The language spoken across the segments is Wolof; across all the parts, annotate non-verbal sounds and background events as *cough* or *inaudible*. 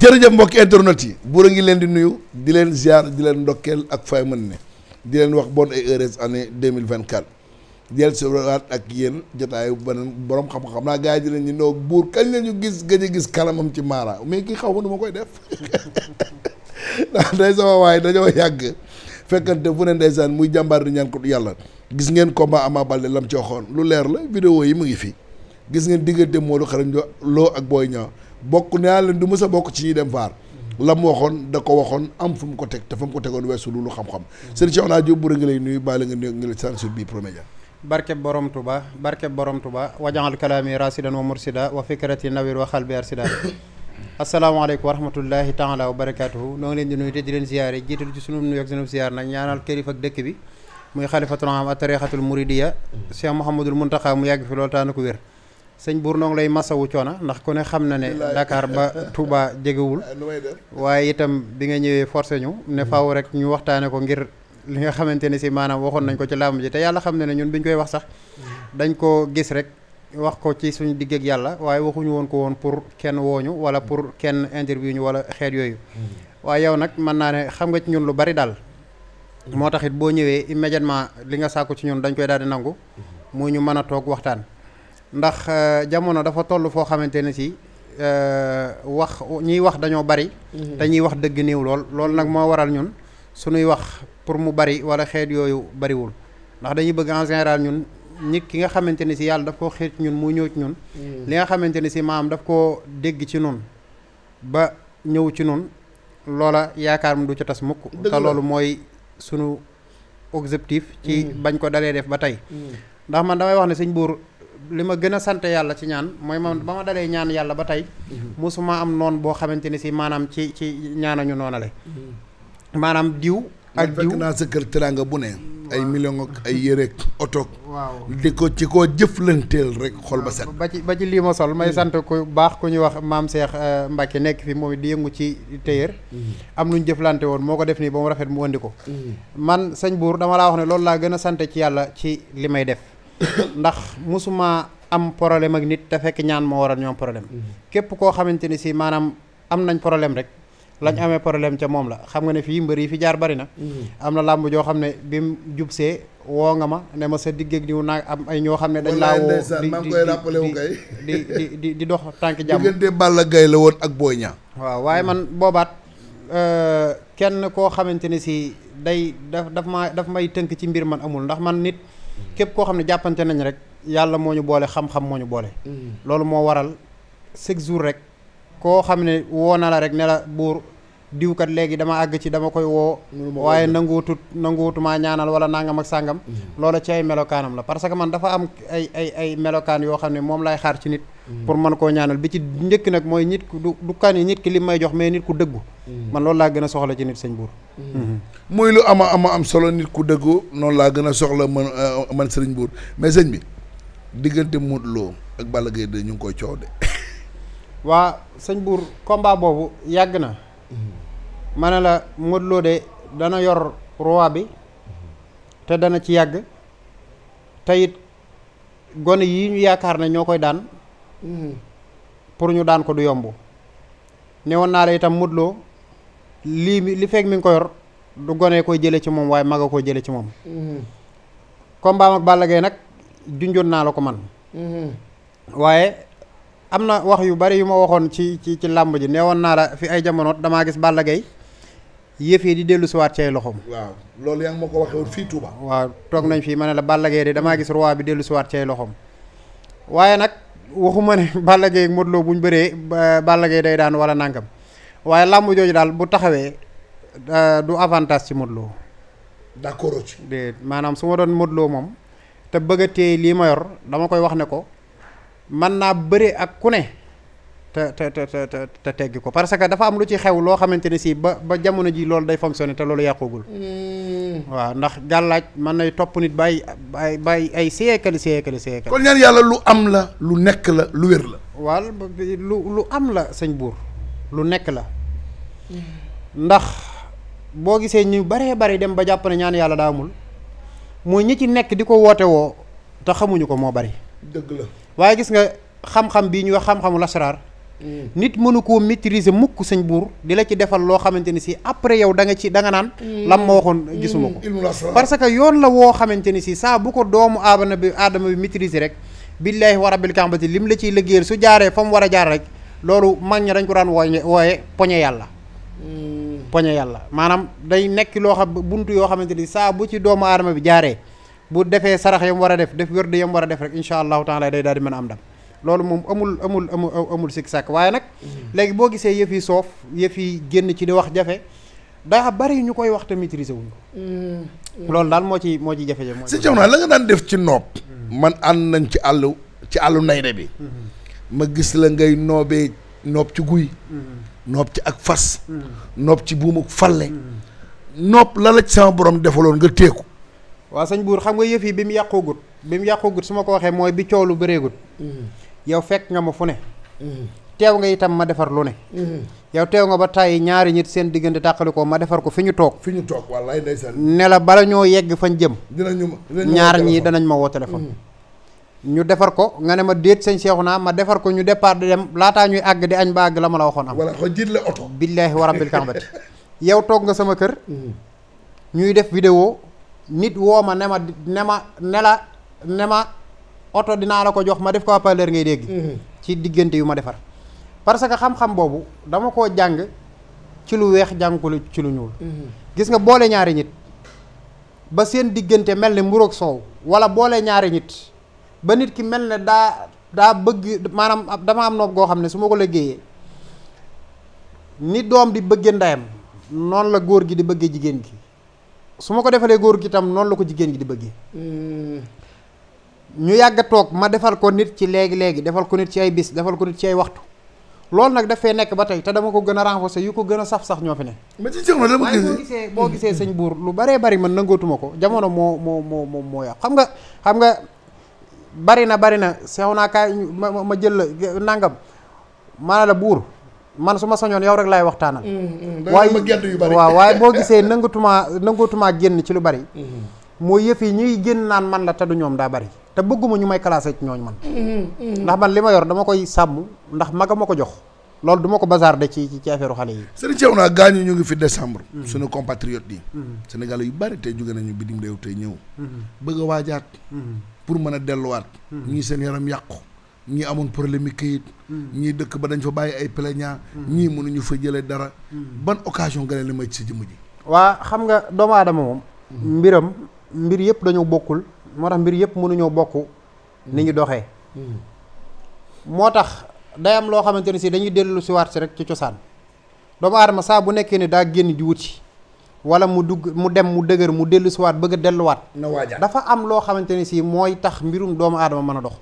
jërëjëf mbokk internet yi buur a ngi leen di nuyu di leen ziar di leen ndokkeel ak fay mën ne di leen wax bonne et heureuse année deux mille vingt quatre jël ak yéen jotaayu beneen borom xam naa gars yi di leen ñu ndoog buur kañ la ñu gis gëj a gis kanamam ci maara mais kii xaw ma nu koy def *laughs* ndax day sama dañoo yàgg fekkante fu ne ndeysaan muy jàmbaar di ñaan ko du yàlla gis ngeen combat Ama Baldé lam ci waxoon lu leer la vidéo yi mu ngi fii gis ngeen diggante Modou Xarañ Lô ak Boy Niang bokk naa leen du mës bokk ci ñuy dem vaar la waxoon da ko waxoon am fu mu ko teg te fu mu ko tegoon weesu lu xam-xam sëñ Cheikh Ouna Diop bu ngi lay nuyu bàyyi la nga borom tuba barke borom tuba wajaxal kalaami rasidan wa mursida wa fikrati nawir wa xalbi arsida *coughs* asalaamaaleykum wa rahmatullahi taala wa barakatuhu noo ngi leen di nuyu te di leen ziyaare jiital ci sunu nuyu ak sunu ziyaar nag ñaanal kilifa ak dëkk bi muy xalifatul mu yàgg fi loolu taa na sëñ buur noo ngi lay masawu coona ndax ku ne xam na ne Dakar ba Touba jegewul *laughs* waaye itam bi nga ñëwee forcé ñu ne faaw hmm. rek ñu waxtaane ko ngir li nga xamante ne si maanaam waxoon nañ ko ci làmb ji te yàlla xam ne ne ñun bi ñu koy wax sax hmm. dañ ko gis rek wax ko ci suñu digg ak yàlla waaye waxuñu woon ko woon pour kenn wooñu wala hmm. pour kenn interview ñu wala xeet yooyu waaye yow nag mën naa ne xam nga ci ñun lu bari daal moo tax it boo ñëwee immédiatement li nga sàkku ci ñun dañ koy daal di nangu mu ñu mën a toog waxtaan ndax euh, jamono dafa toll foo xamante ne si euh, wax ñiy wax dañoo bari. Mhm. te ñiy wax dëgg néew lool loolu nag moo waral ñun suñuy wax pour mu bari wala xeet yooyu bariwul ndax dañuy bëgg en général ñun nit ki nga xamante ne si yàlla daf koo xeet ñun mu ñëw ci ñun. Mhm. li nga xamante ne si maam daf koo dégg ci nun ba ñëw ci nun loola yaakaar mu du ca tas mukk te loolu mooy sunu objectif. ci mhm. bañ ko dalee def ba tey. ndax man damay wax ne sëñ buur li ma gën a sant yàlla ci ñaan mooy man ba ma dalee ñaan yàlla ba tey mosuma am noon boo xamante ni si maanaam ci ci ñaanañu noonale maanaam diw ak diw naa sa kër teraanga bu ne ay million ak ay yére oto waaw di ko ci koo jëflanteel rek xol ba set ba ci ba lii ma sol may hmm. sant ku baax ku ñuy wax maam Cheikh eh, Mbacke nekk fi moom di yëngu ci téyër hmm. am lu ñu jëflante woon moo ko def nii ba mu rafet mu andi ko hmm. man sañ buur dama laa wax ne loolu laa gën a sant ci yàlla ci li may def ndax mosuma am problème ak nit te fekk ñaan moo waral ñoom problème képp koo xamante ni si maanaam am nañ problème rek lañ mm-hmm. amee problème ca moom la xam nga ne fii mbër yi fi jaar bari na mm-hmm. am na làmb joo xam ne bi mu jubsee woo nga ma ne ma sa diggeeg diw naa am ay ñoo xam ne dañ laa woo maa ngi koy rappelé wu di di dox tànk jàmm diggante Balla Gaye la woon ak Boy Niang waaw waaye man boobaat euh, kenn koo xamante ne si day daf daf maa daf may tënk ci mbir man amul ndax man nit képp koo xam ne jàppante nañ rek yàlla moo ñu boole xam-xam moo ñu boole. Mm. loolu moo waral chaque jour rek koo xam ne woo na la rek ne la buur diwkat léegi dama àgg ci dama koy woo. waaye nanguwutut nanguwutumaa ñaanal wala nangam ak sàngam. Mm-hmm. loola ci ay melokaanam la parce que man dafa am ay ay ay melokaan yoo xam ne moom laay xaar ci nit. Mm. pour mën koo ñaanal bi ci njëkk nag mooy nit ku du du kan nit ki li may jox mais nit ku dëggu. Mm. man loolu laa gën a soxla ci nit buur. Mm-hmm. muy lu ama ama am solo nit ku dëggu noonu laa gën a soxla mën euh, man Serigne Bour mais sëñ bi diggante Modou ak Balla Gaye ñu ngi koy coow de. *laughs* waa sëñ buur combat boobu yàgg na. Mm-hmm. ma la Modou de dana yor roi bi mm-hmm. te dana ci yàgg te gone yii ñu yaakaar ne ñoo koy daan. pour ñu daan ko du yomb. ne woon naa la itam Modou lii mi li fekk mi ngi ko yor du gone koy jële ci moom waaye mag a koy jële ci moom mm-hmm. combat ak nag junjoon naa la ko man mm-hmm. waaye am na wax yu bari yu ma waxoon ci ci ci làmb ji nee woon naa la fi ay jamonoot damaa gis Balla Gaye yi di dellu si waat ci ay loxoom. waaw loolu yaa ngi ma toog nañ fii ma ne la Balla Gaye de damaa gis roa bi dellu si waat ci ay loxoom waaye nag waxuma ne *laughs* Balla Gaye ak Modou Lo bu ñu bëree Balla Gaye day daan wala nànkam waaye làmb jooju daal bu taxawee euh, du avantage ci Modou Lo. d'accord ci. maanaam su ma doon Modou moom te bëgg a téye lii ma yor dama koy wax ne ko mën naa bëre ak ku ne te te te te teggi ko parce que dafa am lu ci xew loo xamante ne si ba ba jamono ji loolu day fonctionner te loolu yàqugul. Hmm. waaw ndax gàllaaj mën nay topp nit bàyyi bàyyi bàyyi ay siyeekali siyeekali siyeekali. kon ñaan yàlla lu am la lu nekk la lu wér la. waaw lu lu am la sëñ buur. lu nekk la ndax boo gisee ñu baree bari dem ba jàpp ne ñaan yàlla daa amul mooy ñi ci nekk di ko woote woo te xamuñu ko moo bari dëgg la waaye gis nga xam-xam bii ñu wax xam-xamu lasaraar mm. nit mënu koo maîtriser mukk sañ buur di la ci defal loo xamante ni si après yow da nga ci danga naan mm. lam ma waxoon gisuma ko mm. parce que yoon la woo xamante ni si saa bu ko doomu aadama bi aadama bi maîtriser rek billaahi wa rabbil kaabati lim la ciy liggéeyal su jaaree fa mu war a jaar rek loolu mag ñi dañ ko daan wooye wooye poñe yàlla hmm. poñe yàlla maanaam day nekk loo xam bunt yoo xamante ni saa bu ci doomu aadama bi jaaree bu defee sarax yam war a def def wërd yam war a def rek incha allahu taala day daal mën a am loolu moom amul amul amul amul sàkk waaye nag hmm. léegi boo gisee yëf soof yëf yi génn ci di wax jafe daa bari ñu koy wax te maîtriser wuñ hmm. loolu daal moo ci moo ci jafe-jafe si jamono la nga daan def ci noob man ànd nañ ci àllu ci àllu nayre bi ma gis la ngay noobee noob ci guy mm-hmm. noob ci ak fas mm-hmm. noob ci buumuk falle mm-hmm. noob la la ci sama borom defaloon nga teeku waaw sañ buur xam nga yëf yi bi mu yàqoogut bi mu yàqoogut su ma ko waxee mooy bi coow lu bëreegut yow fekk nga ma fu ne teew nga itam ma defar lu ne yow teew nga ba tàyyi ñaari ñit seen diggante tàqali ko ma defar ko fi ñu toog fi ñu toog wallaay ndeysaan ne la bala ñoo yegg fañ jëm ñaari ñaar ñii danañ ma woo téléphone ñu defar ko nga ne ma déet sëñ naa ma defar ko ñu départ di dem laataa ñuy àgg di añ ba àgg la ma la waxoon am wala xoj jiit la oto billaahi wa rabbil kaabati *laughs* yow toog nga sama kër mm-hmm. ñuy def vidéo nit woo ma ne ma ne ma ne ma oto dinaa la ko jox ma def ko appaleer ngay dégg mm-hmm. ci diggante yu ma defar parce que xam-xam boobu dama ko jàng ci lu weex jàng ci lu ñuul mm-hmm. gis nga boole ñaari nit ba seen diggante mel ni mburoog soow wala boole ñaari nit ba nit ki mel ne daa daa bëgg maanaam dama am noob goo xam ne su ma ko liggéeyee ni doom di bëgge ndeyam noonu la góor gi di bëggee jigéen gi su ma ko defalee góor gi itam noonu la ko jigéen gi di bëggee hmm. ñu yàgg toog ma defal ko nit ci léegi-léegi defal ko nit ci ay bis defal ko nit ci ay waxtu loolu nag dafay nekk ba tey te dama ko gën a renforcer yu ko gën a saf sax ñoo fi ne mais ci jamono dama boo gisee boo gisee sëñ buur lu baree bari man nangootuma ko jamono moo moo moo moo moo yàqu xam nga bari na bari na sew naa kaay ma ma jël la nangam maana la buur man su ma sañoon yow rek laay waxtaanal. Mm, mm, mm. waaye waaw waaye boo gisee nangatuma nangatuma génn ci lu bari. mooy yëf yi ñuy génn naan man la te ñoom daa bari te bëgguma ñu may classé ñooñ man. ndax man li ma yor dama koy sàmm ndax maga ma ko jox. loolu du ma ko bazarde ci ci affaire xale yi. sëriñ Thiaw naa gaañu ñu ngi fi décembre. suñu compatriotes yi. Sénégal yu bari tey jóge nañu bitim réew tey ñëw. bëgg a waajaat. pour mën a delluwaat. ñii seen yaram yàqu. ñii amoon problème yi këyit. ñii dëkk ba dañ fa bàyyi ay plaignant. ñii mënuñu fa jëlee dara. ban occasion nga li may ci sa jëmm ji. waa xam nga doomu aadama moom. mbiram mbir yëpp dañoo bokkul moo tax mbir yëpp mënuñoo bokk ni ñu doxee. moo tax day am loo xamante ne si dañuy dellu si waat si rek ci cosaan doomu aadama saa bu nekkee ne daa génn di wuti. wala mu dugg mu dem mu dëgër mu dellusiwaat bëgg a delluwaat. dafa am loo xamante ne sii mooy tax mbirum doomu aadama mën a dox.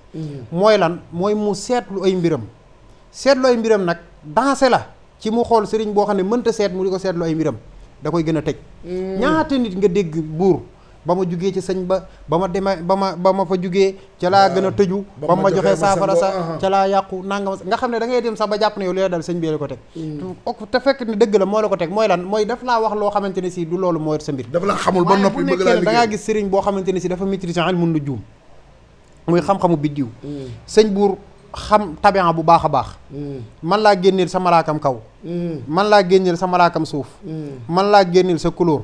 mooy lan mooy mu seetlu ay mbiram. seetlu ay mbiram nag danse la ci mu xool sëriñ boo xam ne mënta seet mu di ko seetlu ay mbiram da koy gën a tëj. Mm. ñaata nit nga dégg buur. ba ma jugee ca sëñ ba ba ma demee ba ma ba ma fa jugee ca laa gën a tëju ba ma joxee saafara sa uh-huh. ca laa yàqu nangam nga xam ne da ngay dem sax ba jàpp na yow li la dal sëñ bi la ko teg mm. te fekk ne dëgg la moo la ko teg mooy lan mooy daf laa wax loo xamante ne si du loolu mooy sa mbir daf laa xamul ba noppi bëgg laa liggéey da gis sëriñ boo xamante ne si dafa maîtriser ilmun nujum muy xam-xamu biddiw mm. sëñ buur xam tabian bu baax a baax mm. man laa génneel sa malaakam kaw man laa génneel sa malaakam suuf man laa génneel sa couleur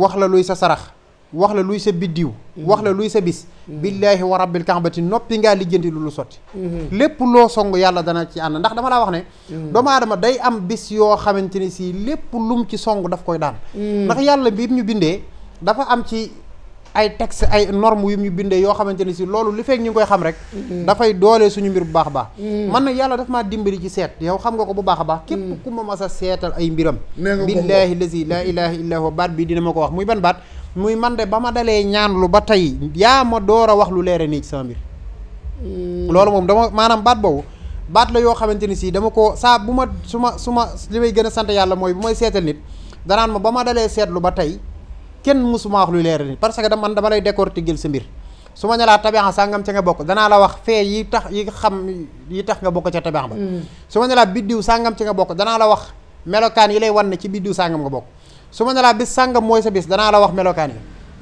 wax la luy sa sarax wax la luy sa biddiw mm-hmm. wax la luy sa bis mm-hmm. billaahi wa rabbil kaabati noppi ngaa lijjanti lu lu sotti mm-hmm. lépp loo song yàlla dana ci ànd ndax dama laa wax ne doomu aadama day am bis yoo xamante ne si lépp lum ci song daf koy daan ndax yàlla bi ñu bindee dafa am ci ay texte ay norme yu ñu bindee yoo xamante ne si loolu li fekk ñu ngi koy xam rek dafay doole suñu mbir bu baax baax man na yàlla daf maa dimbali ci seet yow xam nga ko bu baax baax képp ku ma mas a seetal ay mbiram billaahi lazi laa ilaaha baat bi dina ma ko wax muy ban baat muy man de ba ma dalee ñaan lu ba tey yaa ma door a wax lu leere nii ci sama mbir mm. loolu moom dama maanaam baat boobu baat la yoo xamante ni sii dama ko saa bu ma su ma su ma li may gën a sant yàlla mooy bu seetal nit danaan ma ba ma dalee seetlu ba tey kenn musuma wax lu leere parce que da man dama lay décortiquer sa mbir su ma ñalaa tabax sàngam ca nga bokk danaa la wax fee yi tax yi xam yi tax nga bokk ca tabax ba mm. su ma ñalaa biddiw sàngam ca nga bokk danaa la wax melokaan yi lay wan ne ci biddiw sàngam nga bokk su ma ne laa bis sàngam mooy sa bis danaa la wax melokaan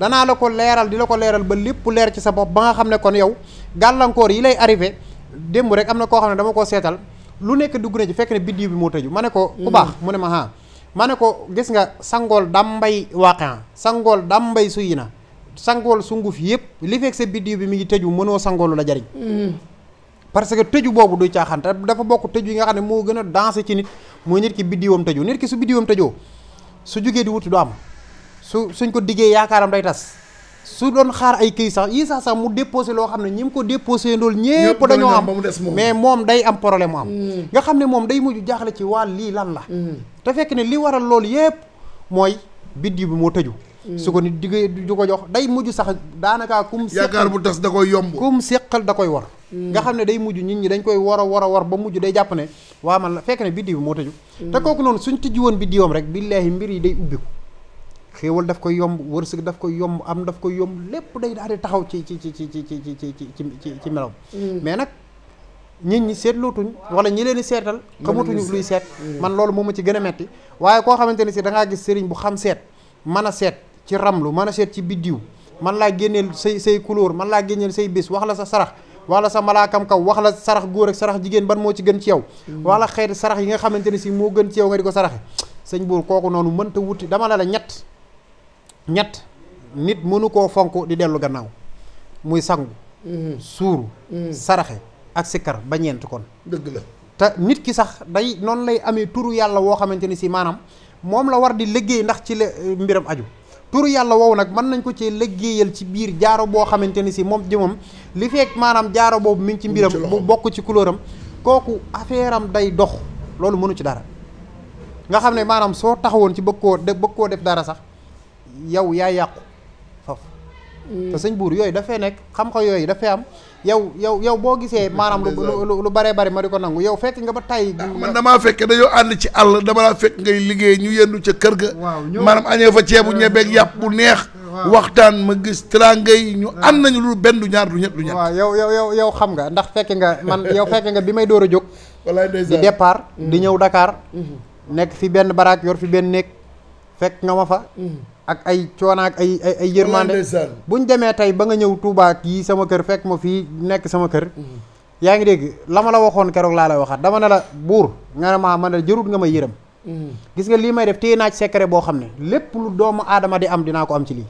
danaa la ko leeral di la ko leeral ba lépp leer ci sa bopp ba nga xam ne kon yow gàllankoor yi lay arrivé démb rek am na koo xam ne dama ko seetal lu nekk dugg na ci fekk ne biddiw bi moo tëju ma ne ko ku baax mu ne ma ah ma ne ko gis nga sangool dambay waaqan sangool dambay suyi na sangool sunguf yëpp li fekk sa biddiw bi mi ngi tëju mënoo sangoolu la jariñ mm-hmm. parce que tëju boobu du caaxaan dafa bokk tëju yi nga xam ne moo gën a dansé ci nit mooy nit ki biddiwam tëju nit ki su biddiwam tëjoo su jugee di wuti du am su suñ ko diggee yaakaaram day tas su doon xaar ay kii sax yii sax sax mu déposé loo xam ne ñi mu ko déposé ndool ñépp dañoo am mais moom day am problème mu am mm. nga xam ne moom day mujj jaaxle ci waa lii lan la mm. te fekk ne li waral loolu yépp mooy biddiw bi moo tëju mm. su ko nit diggee du ko jox day mujj sax daanaka kum yaakaar bu tas da koy yomb kum séqal da koy war nga xam ne day mujj nit ñi dañ koy war a war a war ba mujj day jàpp ne waa man la fekk ne biddiw moo tëju te kooku noonu suñ tëju woon biddiwam rek billaahi mbir yi day ko xewal daf koy yomb wërsëg daf koy yomb am daf koy yomb lépp day daal di taxaw ci ci ci ci ci ci ci ci ci melom mais nag nit ñi seetlootuñ wala ñi leen di seetal xamatuñu luy seet man loolu moom ma ci gën a metti waaye koo xamante ne si da gis sëriñ bu xam seet mën a seet ci ramlu man a seet ci biddiw man laa génneel say say couleur man laa génneel say bis wax la sa sarax wax la sa malaakam kaw wax la sarax góor ak sarax jigéen ban moo ci gën ci yow mm. wax la xeeti sarax yi nga xamante ne si moo gën ci yow nga di ko saraxe sañ buur kooku noonu mënta wuti dama ne la ñett ñett nit mënu koo fonk di dellu gannaaw muy sangu mm-hmm. suuru mm. saraxe ak sikkar ba ñeent kon dëgg la te nit ki sax day noonu lay amee turu yàlla woo xamante ni si maanaam moom la war di liggéey ndax ci la eh, mbiram aju turu yàlla wow nag mën nañ ko ci liggéeyal ci biir jaaro boo xamante ni si moom jëmam li fekk maanaam jaaro boobu mi ngi ci mbiram bu bokk ci couleur kooku affaire am day dox loolu mënu ci dara nga xam ne maanaam soo taxawoon ci bëgg koo bëgg koo def dara sax yow yaa yàqu foofu mm. te sëñ buur yooyu dafay nekk xam-xam yooyu dafay am yow yow yow boo gisee *laughs* maanaam lu lu baree bari ma di ko nangu yow fekk nga ba tay ah, man damaa fekke dañoo ànd ci àll dama laa fekk ngay liggéey ñu yendu ca kër ga maanaam añee fa ceebu euh, ñebeeg yàpp bu neex waxtaan ma gis teraanga yi ñu ànd euh. nañu lu benn du ñaar du ñett du ñett waaw yow yow yow yow xam nga ndax fekk nga man yow fekke nga bi may door a jóg di départ di mm. ñëw Dakar mm-hmm. nekk fi benn baraak yor fi benn néeg fekk nga ma fa mm-hmm. ak ay coonaak ay ay bu yërmande demee tey ba nga ñëw Touba yi sama kër fekk ma fii nekk sama kër mm-hmm. yaa ngi dégg la ma la waxoon keroog laa lay waxaat dama ne la buur nga ne maa man la jërut nga may yërëm mm-hmm. gis nga lii may def téye naa ci boo xam ne lépp lu doomu aadama di am dinaa ko am ci lii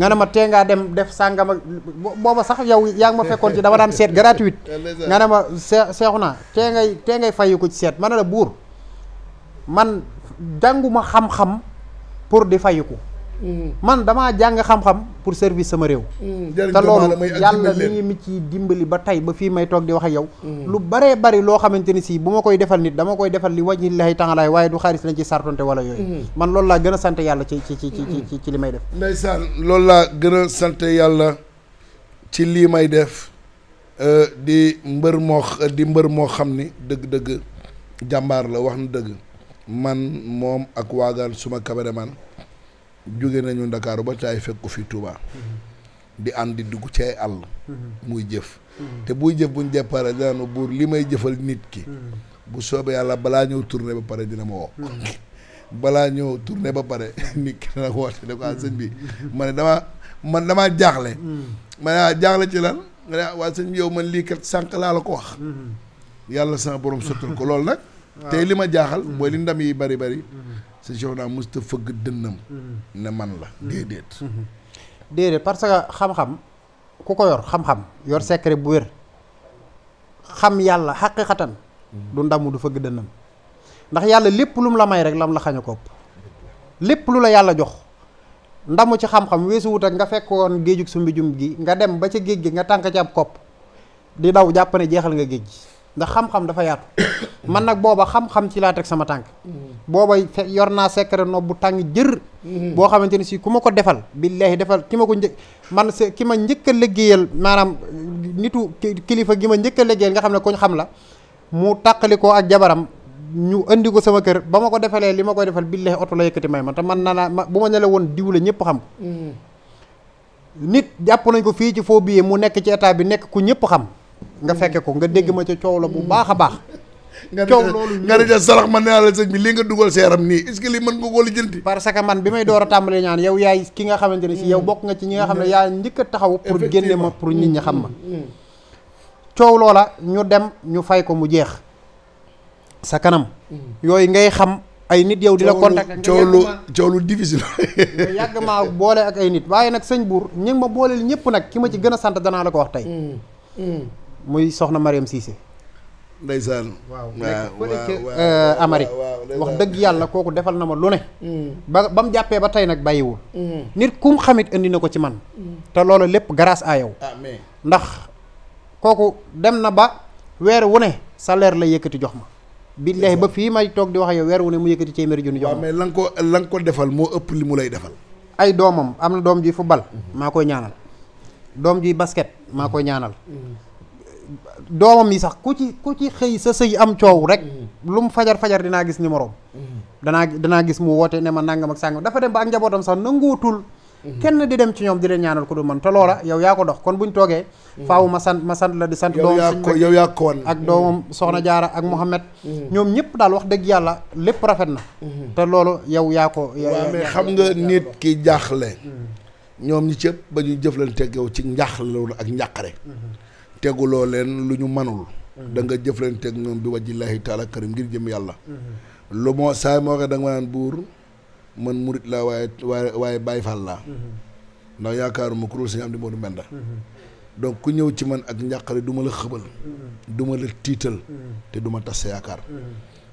nga ne ma tee ngaa dem def sàngama booba sax yow yaa ngi ma fekkoon ci dama daan seet gratuite *laughs* nga ne ma see seexu naa tee ngay tee ngay fayu ko ci seet ma ne la buur man jànguma xam pour di fayiku mm. man damaa jàng xam-xam pour service sama réew mm. te loolu yàlla li mi ci dimbali ba tey ba fii may toog di wax ak yow mm. lu baree bari loo xamante ni sii bu ma koy defal nit dama koy defal li wàññi lay tàngalaay waaye du xaalis lañ ci sartonte wala yooyu man loolu laa gën a sant yàlla ci ci ci ci ci li may def loolu laa gën a sant yàlla ci lii may def euh, di mbër moo di mbër moo xam ni dëgg-dëgg jàmbaar la wax na dëgg man moom ak waagaan suma cameraman jóge nañu ndakaaru ba caay fekku fi Touba di ànd di dugg ci ay àll muy jëf te buy jëf buñ jàppare dinaanu buur li may jëfal nit ki bu soobee yàlla balaa ñëw tourné ba pare dina ma woo *laughs* balaa ñëw tourné ba pare *laughs* nit ki dana woote ko ah sëñ bi ma ne damaa man damaa jaaxle ma ne ah jaaxle ci lan nga ne ah, waa sëñ bi yow man lii kat sànq laa la ko wax mm-hmm. yàlla sama borom sottal ko loolu nag tey li ma jaaxal mm-hmm. mooy li ndam yi bari bari sa journal mosut a fëgg dënnam mm-hmm. ne man la mm-hmm. déedéet parce que xam-xam ku ko yor xam-xam yor secret bu wér xam yàlla xaqiqatan du ndamu du fëgg dënnam ndax yàlla lépp lu mu la may rek lam la xañu kopp lépp lu la yàlla jox ndamu ci xam-xam weesuwut ak nga fekkoon géejug sumbi jum gi nga dem ba ca géej gi nga tànk ci am kopp di daw jàpp ne jeexal nga géej gi ndax xam-xam dafa yaatu man nag booba xam-xam ci laa teg sama tànk booba yor naa secret nob bu tàng jër boo xamante ni si ku ma ko defal billaahi defal ki ma ko njëkk man se ki ma njëkk liggéeyal maanaam nitu kilifa gi ma njëkk a nga xam ne koñ xam la mu tàqalikoo ak jabaram ñu indi ko sama kër ba ma ko defalee li ma koy defal billaahi oto la yëkkati may ma te man na naa bu ma ne woon diw la ñëpp xam ko mm. nit jàpp nañ ko fii ci foo biyee mu nekk ci état bi nekk ku ñëpp xam nga fekke ko nga dégg ma ca coow la bu baax a baax. coow loolu nga ne sarax man nee naa la sëñ bi li nga dugal seeram nii est-ce que lii mën nga koo lijjanti parce que man bi may door a tàmbali ñaan yow yaay ki nga xamante ne si yow bokk nga ci ñi nga xam ne mm. yaa njëkk a taxaw pour génne ma pour nit ñi xam ma mm. Mm. coow loola ñu dem ñu fay ko mu jeex sa kanam yooyu ngay xam ay nit yow di la contact coow lu coow lu difficile yàgg maa boole ak ay nit waaye nag sëñ buur ñi ma booleel ñëpp nag ki ma ci gën a sant danaa la ko wax tey muy soxna Mariam Cissé. ndeysaan waaw nekk euh, Amérique wax dëgg yàlla kooku defal na ma lu ne mm. ba ba mu jàppee ba tey nag bàyyiwul mm. nit ku mu xamit indi na ko ci man mm. te loolu lépp grâce à yow ndax kooku dem na ba weer wu ne salaire la yëkkati jox ma billahi ba fii may toog di wax yow weer wu ne mu yëkkati téeméeri junni jox ma mais la nga ko la nga ko defal moo ëpp li mu lay defal ay doomam am na doom juy football mm-hmm. maa koy ñaanal doom juy basket maa koy ñaanal mm-hmm. doomam yi sax ku ci ku ci xëy sa sëy am coow rek mm. lu mu fajar fajar dinaa gis numéro mm. danaa danaa gis mu woote ne ma nangam ak sàngam dafa dem ba ak njabootam sax nanguutul mm. kenn di dem ci ñoom di ñaanal ko du man te yow yaa ko dox kon buñ toogee faaw ma sant ma sant la di sant doomam yow yaa ko woon ak doomam soxna jaara ak Mohamed ñoom ñëpp daal wax dëgg yàlla lépp rafet na te loolu yow yaa ko waaw mais xam nga nit ki jaaxle ñoom ñi cëpp ba ñu jëflante ak yow ci njaaxle loolu ak njàqare mm-hmm. teguloo leen lu ñu manul da nga jëflanteeg ñoom bi wajjillaahi taala karim ngir jëm yàlla lu moo saa moo waxee da ma naan buur man murit la waaye waaye waaye Baay la laa ndax yaakaaruma ku dul sëñ Amdi Moodu Mbenda donc ku ñëw ci man ak njàqare duma la xëbal duma ma la tiital te du ma tas sa yaakaar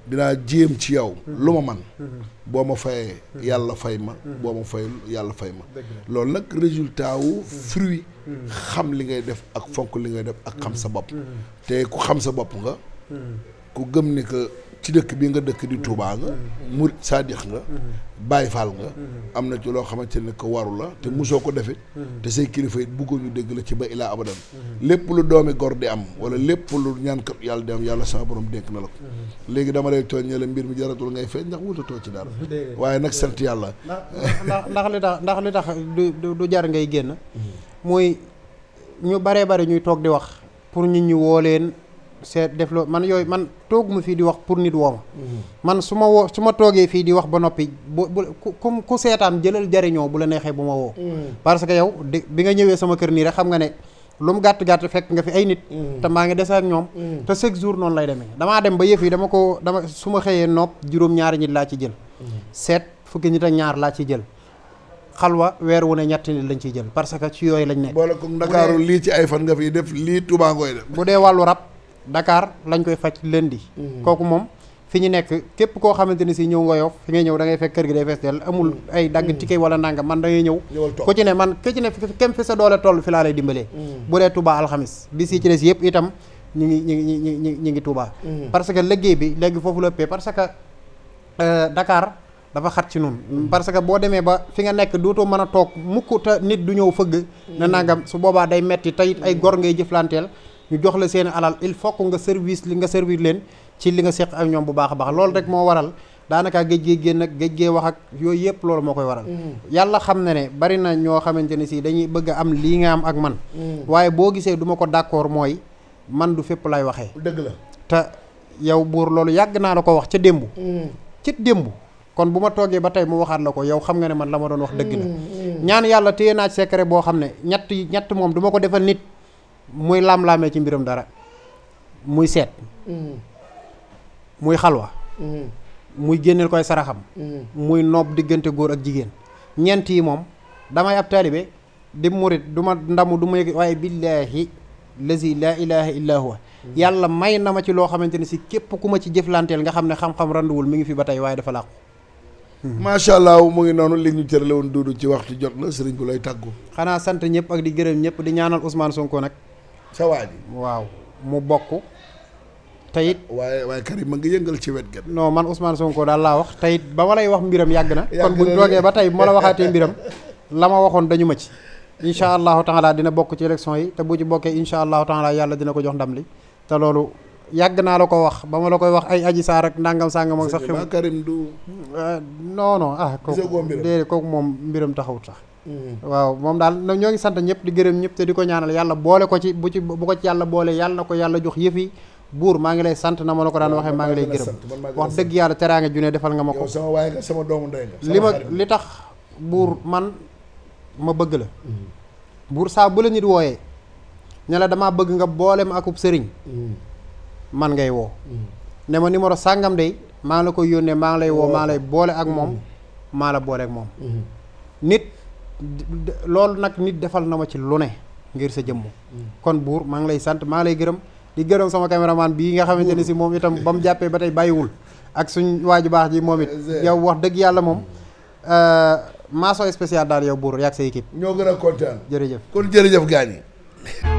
dinaa jéem ci yow lu ma man boo ma fayee yàlla fay ma boo ma fayul yàlla fay ma loolu nag résultat fruit xam li ngay def ak fonk li ngay def ak xam sa bopp mm-hmm. te ku xam sa bopp nga mm-hmm. ku gëm ni que ci dëkk bi nga dëkk di Touba nga mm-hmm. murit saadix nga Baay Faal nga am na ci loo xamante ne que waru la te musoo ko defit te say kilifa it bëggoo ñu dégg la ci ba ilaa abadan lépp lu doomi gor di am wala lépp lu ñaankat yàlla di am yàlla sama borom dénk na la ko léegi dama lay tooñ ne mbir mi jaratul ngay feeñ ndax wutatoo ci dara waaye nag sant yàlla ndax li ngay génn mooy ñu baree bari ñuy toog di wax pour nit ñi woo leen seet def loo man yooyu man toog ma fii di wax pour nit woo ma mm-hmm. man su ma woo su ma toogee fii di wax ba noppi bu ku ku seetaan jëlal jariñoo bu la neexee bu ma woo mm-hmm. parce que yow di bi nga ñëwee sama kër nii rek xam nga ne lu mu gàtt gàtt fekk nga fi ay nit mm-hmm. te maa ngi dese ak ñoom te chaque jour noonu lay demee damaa dem ba yëf yi dama ko dama su ma xëyee nopp juróom-ñaari nit laa ci jël seet fukki nit ak ñaar laa ci jël xalwa weer wu ne ñetti nit lañ ciy jël parce que ci yooyu lañ nekk. boole ko Ndakaaru lii ci ay fan nga fiy def lii Touba ngooy def. bu dee wàllu rab Dakar lañ koy faj lundi. Mm-hmm. kooku moom fi ñu nekk képp koo xamante ni si ñëw nga Yoff fi ngay ñëw da ngay fekk kër gi day fees dell amul mm-hmm. ay dagg mm-hmm. tike wala nangam man da ngay ñëw. ku ci ne man ku ci ne kem fi sa doole toll fi laa lay dimbalee. bu dee Touba alxamis bi si ci des yëpp itam ñu ngi ñu ngi ñu ngi ñu dafa xat ci noonu parce que boo demee ba fi nga nekk dootoo mën a toog mukk te nit du ñëw fëgg na nangam su boobaa day metti teyit ay gor ngay jëflanteel ñu jox la seen alal il faut que nga service li nga servir leen ci li nga seq ak ñoom bu baax a baax loolu rek moo waral daanaka géej gee génn ak géej gee wax ak yooyu yëpp loolu moo koy waral yàlla xam ne ne bari na ñoo xamante ne si dañuy bëgg a am lii nga am ak man waaye boo gisee duma ma ko d'accord mooy man du fépp lay waxee dëgg la te yow buur loolu yàgg naa la ko wax ca démb mm. démb kon bu ma toogee ba tey mu waxaat la ko yow xam nga ne man la ma doon wax dëgg la mm, mm. ñaan yàlla téye naa ci boo xam ne ñett ñett moom du ko defal nit muy laam-laamee ci mbiram dara muy seet mm. muy xalwa muy génneel koy saraxam muy noob diggante góor ak jigéen ñeent yi moom damay ab taalibe di murit du ndamu du ma yëg waaye billaahi lazi laa ilaha illa huwa yàlla may na ma ci loo xamante ne si képp ku ma ci jëflanteel nga xam ne xam-xam randuwul mi ngi ba tey waaye dafa làqu Mm-hmm. macha allah mu ngi noonu li ñu cërale woon duudu ci waxtu jot na sëriñ bu lay tàggu. xanaa sant ñëpp ak di gërëm ñëpp di ñaanal Ousmane Sonko nag. sa waa waaw mu bokk. tayit waaye waaye Karim ma ngi yëngal ci wet gën. noo man Ousmane Sonko daal laa wax tayit ba ma lay wax mbiram yàgg na. kon bu toogee ba tey bu ma la waxaatee mbiram la ma waxoon dañu ma ci. incha allahu taala dina bokk ci élection yi te bu ci bokkee incha allahu taala yàlla dina ko jox ndam li te loolu. yàgg naa la ko wax ba ma la koy wax ay aji saar ak ndàngam sàngam ak sax xew Karim du ah, non non ah kooku déedéet kooku moom mbiram taxawut sax mm-hmm. waaw moom daal ñoo ngi sant ñëpp di gërëm ñëpp te di ko ñaanal yàlla boole ko ci bu ci bu ko ci yàlla boole yàlla na ko yàlla jox yëfi buur maa ngi lay sant na ma la ko daan waxee maa ngi lay gërëm wax dëgg yàlla teraanga junne defal nga ma ko sama sama doomu ndey li ma li tax buur mm-hmm. man ma bëgg la mm-hmm. buur saa bu la nit wooyee ña la damaa bëgg nga boole ma akub sëriñ man ngay woo mm. ne ma numéro sàngam day maa ngi la koy yónnee maa ngi lay woo maa ngi lay boole ak moom mm. maa la boole ak moom mm. nit loolu nag nit defal na ma ci lu ne ngir sa jëmm kon buur maa ngi lay sant maa ngi lay gërëm di gërëm sama caméraman bii nga xamante ne si moom itam ba jàppee ba tey bàyyiwul ak suñ waaju baax ji moom it yow wax dëgg yàlla moom euh, maaso spécial daal yow buur yaag sa équipe ñoo gën a kontaan jërëjëf kon jërëjëf gaañ yi